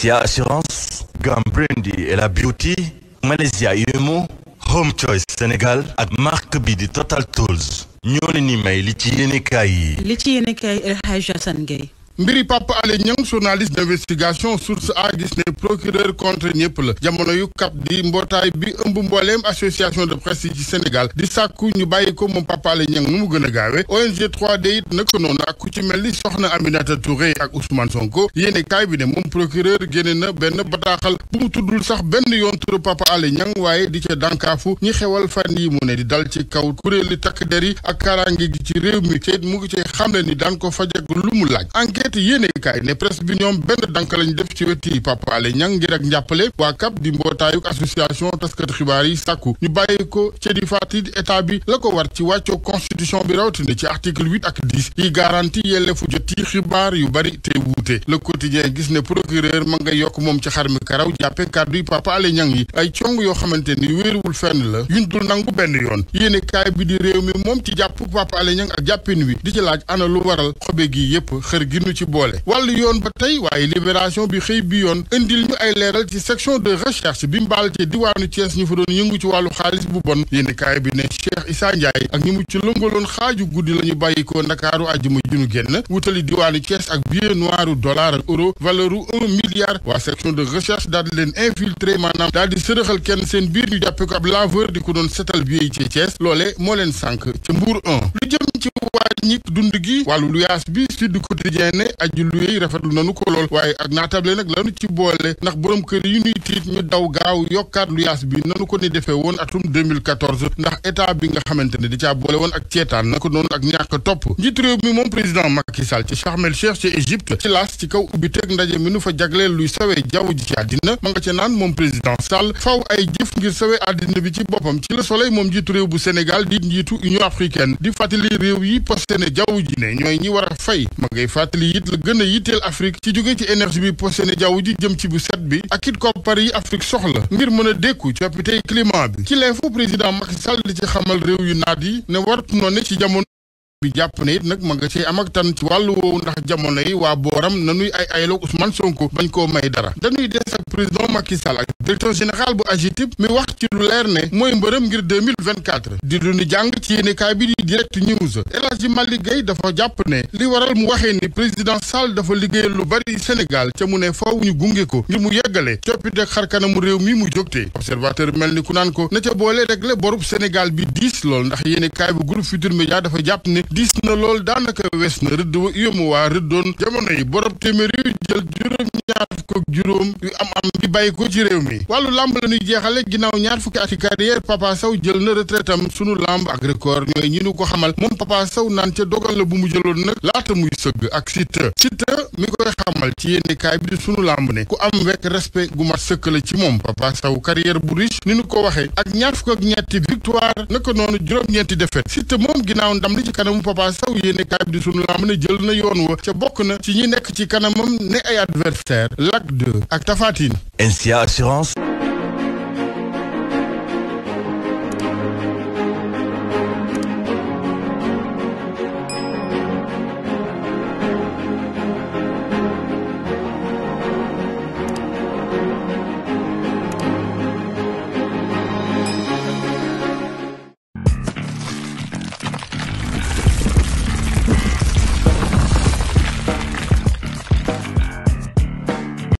Sia Assurance Gambrendi et la Beauty Malaysia Yemo Home Choice Sénégal ak marque bi di Total Tools ñoo leen ni may li ci yéenekaay yi. li El Hadj Assane Gueye mbiri Pape Alé Niang journaliste d'investigation source a gis ne procureur contre ñëpp la jamono yu kap di mbootaay bi ëmb mbooleem association de presse yi ci Sénégal di sàkku ñu bàyyi ko moom Pape Alé Niang mu gën a gaawe ONG 3D it na noonu ak ku ci mel ni soxna aminat a Touré ak Ousmane Sonko yéene kaay bi ne moom procureur génne na benn bataaxal bu mu tuddul sax benn yoon turu Pape Alé Niang waaye di ca dankaafu ñi xewal fan yi mu ne di dal ci kaw kuréeli takk der yi ak kaaraange gi ci réew mi te mu ngi cay xamle ni daan ko faj ak lu mu laaj enquête yéenekaay ne presse bi ñoom benn dank lañ def ci weti Pape Alé Niang ngir ak njàppale waa CAP di mbootaayuk association taskati xibaar yi sàkku ñu bàyyi ko ci di fàttali état bi la ko war ci wàcco constitution bi rawatina ci article huit ak yi garantie yelleefu jot yi xibaar yu bari te wuute le quotidien gis ne procureur ma nga yokk moom ci xar karaw jàppe kàddu yi Pape yi ay cong yoo xamante ni wéeruwul fenn la yuñ dul nangu benn yoon yéenekaay bi ci boole wàllu yoon ba tey waaye libération bi xëy bi yoon indil ñu ay leeral ci section de recherche bi mbaal ci diwaanu Thiès ñu fa doon yëngu ci wàllu xaalis bu bon yéenekaay bi ne Cheikh Issa Ndiaye ak ñi mu ci lëngaloon xaaju guddi la ñu bàyyikoo ndakaaru àjjuma junu génn wutali diwaanu Thiès ak billet noiru dollar ak euro valeur un milliard waa section de recherche daal di leen infiltré maanaam daal di sërëxal kenn seen biir ñu jàppe ko ab laveur di ko doon setal ne aju luye yi rafetlu nanu ko lool waaye ak naatable nag lanu ci boole ndax borom kër yu ñuy tiit ñu daw gaaw yokkaat luyaas bi nanu ko ni defee woon atum 2014 ndax état bi nga xamante ne di caa boole woon ak ceetaan na ko noonu ak ñàkk topp njiitu réew mi moom président Macky Sall ci Sharm el Cheikh ci Égypte ci laas ci kaw ubbi teg ndaje mi nu fa jagleel luy sawee jaww ji ci àddina ma nga ca naan moom président Sall faw ay jëf ngir sawee àddina bi ci boppam ci Le Soleil moom njiitu réew bu Sénégal di njiitu Union africaine di fàttali réew yi posté ne jaww ne ñooy ñi a fay ma ngay yit la gën a yitteel Afrique ci jóge ci énergie bi posene jaww ji jëm ci bu set bi ak it koppar yi Afrique soxla ngir mën a dékku coppitey climat bi ci l'info président Macky Sall di ci xamal réew yu naat yi ne wartu noo ne ci jamono bi jàpp ne it nag ma nga cee am ak tan ci wàllu woowu ndax jamono yi waa booram nanuy ay aylo Ousmane sonk bañ koo may dara dañuy des ak président Macky Sall directeur général bu AGETIP mi wax ci lu leer ne mooy mbërëm ngir 2024 di lu ñu jàng ci yéenekaay bi di direct news El Hadji Malick Gueye dafa jàpp ne li waral mu waxee ni président Sall dafa liggéeyal lu bari Sénégal ca mu ne faaw ñu gunge ko ngir mu yeggale coppite xarkanamu réew mi mu jógtee observateur mel ni ku naan ko na ca boole régler borub Sénégal bi diis lool ndax yéenekaay bu groupe Futurs Médias dafa jàpp ne diis na lool daanaka wees na rëdd wa yómu waa rëddoon jamono yi fukk ak juróom yu am am di bàyyi ko ci réew mi wàllu lamb la jeexale ginnaaw ñaar fukki ati carrière Papa Sow jël na retraite am sunu lamb ak record ñooy ko xamal moom Papa Sow naan ca dogal la bu mu jëloon nag laata muy sëgg ak Siteu Siteu mi koy xamal ci yéenekaay bi di sunu lamb ne ku am wekk respect gu mat sëkk la ci moom Papa Sow carrière bu riche ni nu ko waxee ak ñaar fukk ak ñetti victoire naka noonu juróom-ñeenti défaite Siteu moom ginnaaw ak Tapha Tine. NCA